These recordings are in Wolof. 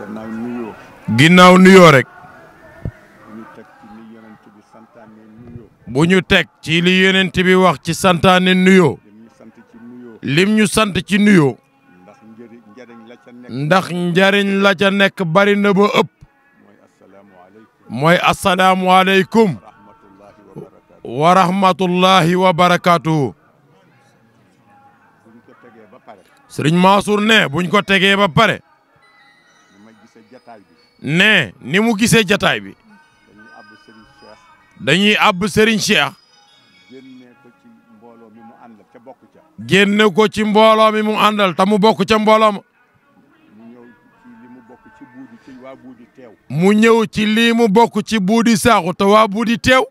gannaaw nuyoo. ginnaaw nuyoo rek. bu ñu teg ci li yonent bi wax ci santaane nuyoo. lim ñu sant ci nuyoo. ndax njariñ la ca nekk bari na ba ëpp. mooy asalaamualeykum. wa rahmatullahi wa barakaatuhu. Sëriñ Mansour ne buñ ko tegee ba pare. ne ni mu gisee jataay bi dañuy àbb Serigne Cheikh génne ko ci mbooloo mi mu àndal ta mu bokk ca mbooloo ma mu ñëw ci lii mu bokk ci buudi saaxu te waa buudi teew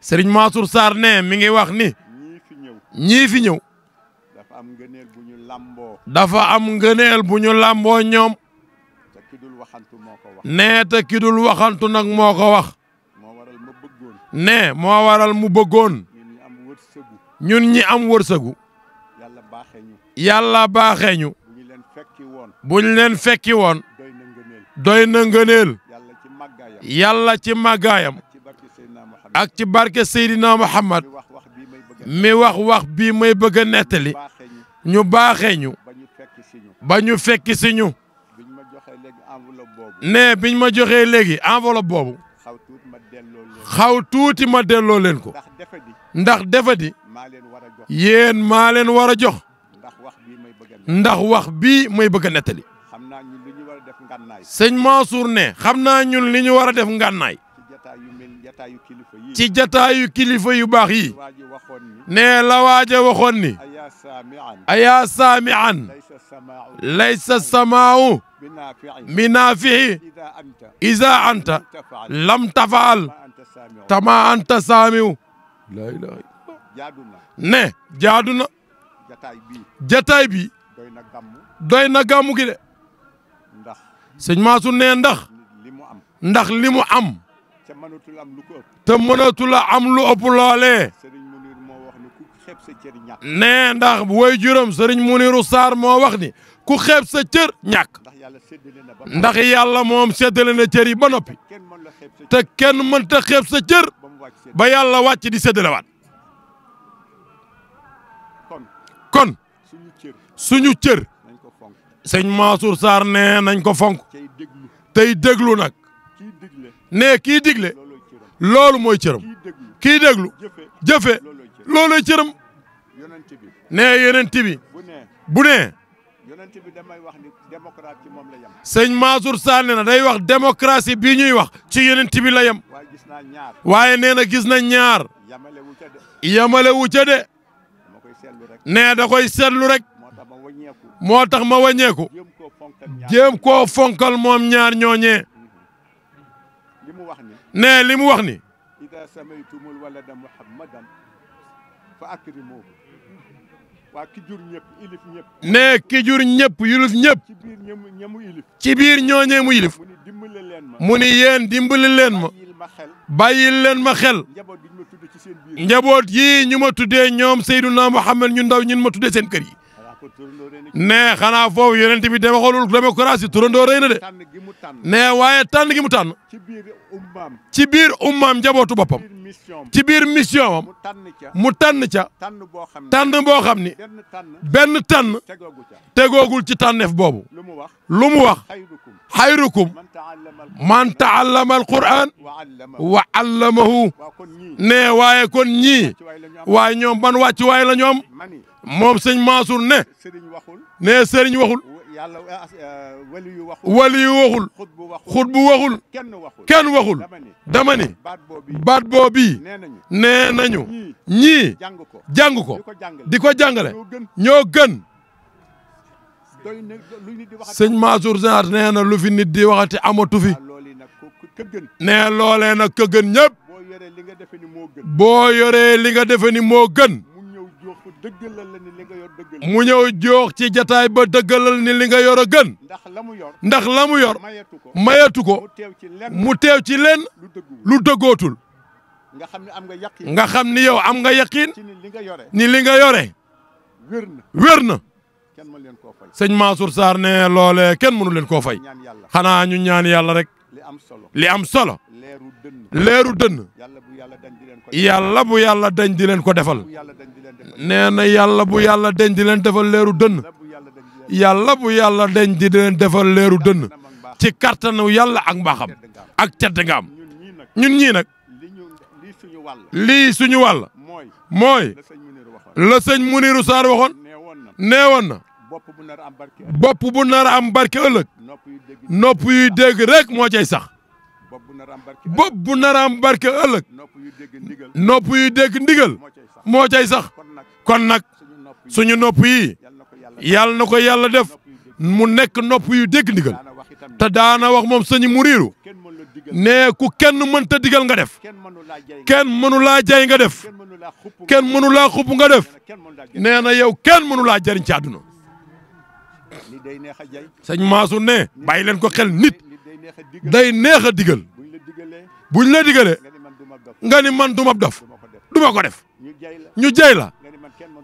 Serigne Mansour Sarr ne mi ngi wax ni ñii fi ñëw dafa am ngëneel bu ñu làmboo ñoom nee te ki dul waxantu nag moo ko wax nee moo waral mu bëggoon ñun ñi am wërsëgu yàlla baaxee ñu buñ leen fekki woon doy na ngëneel yàlla ci màggaayam ak ci barke Seydina Muhammad mi wax wax bii may bëgg a nettali ñu baaxee ba ñu fekki si ñu ne biñ ma joxee léegi enveloppe boobu xaw tuuti ma delloo leen ko ndax defadi yéen maa leen war a jox ndax wax bii may bëgg a nettali sëñ Mansour ne xam naa ñun li ñu war a def ngànnaay ci jataayu kilifa yu baax yi ne la a waxoon ni ayaa saamian laysa samaau mi naafii iza anta lam tafaal tama anta saamiw ne jaadu jataay bi doy na gàmmu gi de sëñ Mansour ndax ndax li mu am te mënatul am lu ëpp loolee ndax woy juróom sëriñ Muniru Sarr moo wax ku xeeb sa cër ñàkk ndax yàlla moom séddale na cër yi ba noppi te kenn mën mënta xeeb sa cër ba yàlla wàcc di séddalewaat kon suñu cër sëñ Mansour Sarr nee nañ ko fonk tey déglu nag nee kii digle loolu mooy cëram kii déglu jëfe loolooy cëram nee yeneen bi bu nee yonent bi damay wax ni démocrate ci moom la yem. sëñ Mansour Sall nee na day wax démocratie bii ñuy wax ci yonent bi la yem. waaye gis naa ñaar. waaye nee na gis na ñaar. yamale wu ca de. yamale wu ca de. nee da koy seetlu rek. moo tax ma wàññeeku. jéem koo fonkal moom ñaar ñooñee. Mm-hmm. nee li mu wax ni. ida samaytumul walada muhammadan fa akrimuhu waa ki jur ñëpp ilif ñëpp. nee ki jur ñëpp yulif ñëpp. ci biir ci biir ñooñee mu yilif. mu ni dimbali leen ma. mu ni yéen dimbali leen ma. bàyyil leen ma xel. njaboot yii ñu ma tuddee ñoom Seydouna Mouhamed ñu ndaw ñun ma tuddee seen kër yi. nee xanaa foofu yonent bi dama xoolul démocratie turandoo rëy na de. nee waaye tànn gi mu tànn. ci biir ummaam. ci biir ummaam njabootu boppam. ci biir mission am mu tànn ca tànn boo xam ni benn tànn tegoogul ci tànneef boobu lu mu wax xayrukum man taallama alquran wa allamahu ne waaye kon ñii waaye ñoom ban wàcc waaye la ñoom moom sëñ Mansour ne nee sëriñ waxul yàlla euh, wali yu waxul wali yu waxul xut bu waxul kenn waxul dama ni baat boobii nee nañu ñi jàng ko di ko jàngale ñoo gën sëñ Mansour Sarr nee na lu fi nit di waxati amatu fi nee loolee nag ka gën ñëpp boo yore li nga defe ni moo gën mu ñëw joox ci jataay ba dëggalal ni li nga yor a gën ndax la mu yor mayatu ko mu teew ci leen lu dëggootul nga xam ni yow am nga yaqiin ni li nga yore wér na sëñ Mansour Sarr ne loole kenn mënu leen koo fay xanaa ñu ñaan yàlla rek li am solo leeru dënn yàlla bu yàlla dañ di leen ko defal nee na yàlla bu yàlla deñ di leen defal leeru dënn yàlla bu yàlla deñ di leen defal leeru dënn ci kattanu yàlla ak mbaaxam ak tedd ngaam ñun ñii nag lii suñu wàll mooy la sëñ Muniru Saar waxoon nee woon na bopp bu nar a am barke ëllëg nopp yuy dégg rek moo cay sax bopp bu naraam barke ëllëg nopp yu dégg ndigal moo cay sax kon nag suñu nopp yi yàlla na ko yàlla def mu nekk nopp yu dégg ndigal te daana wax moom sëñ Mouride ne ku kenn mënta digal nga def kenn mënu laa jay nga def kenn mënu laa xupp nga def nee na yow kenn mënu laa jëriñ ci nee sëñ Mansour ne bàyyi leen ko xel nit. day neex a digal buñ la digalee nga ni man du ma dof du ma ko def ñu jay la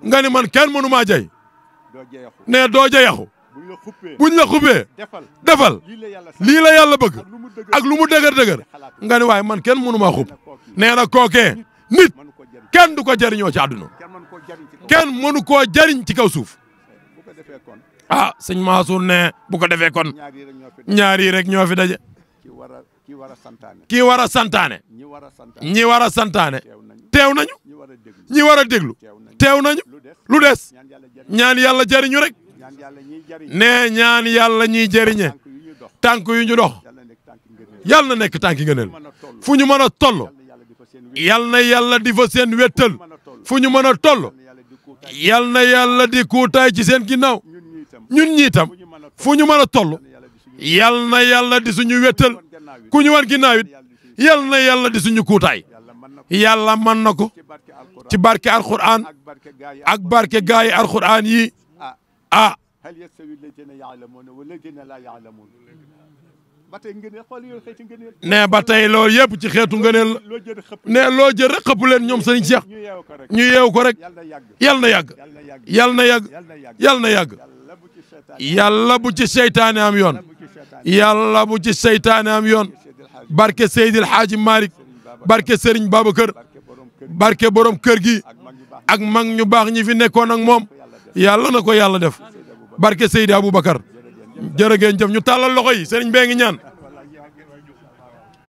nga ni man kenn mënu maa jay ne doo jayaxu buñ la xubbee defal lii la yàlla bëgg ak lu mu dëgër dëgër nga ni waaye man kenn mënuma maa xub nee na kookee nit kenn du ko jariñoo ci àdduna kenn mënu koo jariñ ci kaw suuf ah sëñ Mansour ne bu ko defee kon ñaar yi rek ñoo fi daje kii war a santaane ñi war a santaane teew nañu ñi war a déglu teew nañu lu des ñaan yàlla jëriñu rek ne ñaan yàlla ñiy jëriñe tànk yu ñu dox yàlla na nekk tànk ngëneel fu ñu mën a toll yàlla na yàlla di fa seen wettal fu ñu mën a toll yàlla na yàlla di kuutaay ci seen ginnaaw ñun ñii tam fu ñu mën a toll yal na yàlla di suñu wéttal ku ñu war ginnaaw it yal na yàlla di suñu kuutaay yàlla mën na ko ci barke alquran ak barke gaa yi alquran yi ah ne ba tey loolu yëpp ci xeetu ngëneel la ne loo jël rek xëpp leen ñoom sëriñ Cheikh ñu yeew ko rek yal na yàgg yal na yàgg yal na yàgg yàlla bu ci seytaane am yoon yàlla bu ci seytaane am yoon barke Seydil Hadji Malick barke Serigne Babacar barke borom kër gi ak mag ñu baax ñi fi nekkoon ak moom yàlla na ko yàlla def barke Seydi Aboubacar jërë ngeen jëf ñu tàllal loxo yi Serigne ñaan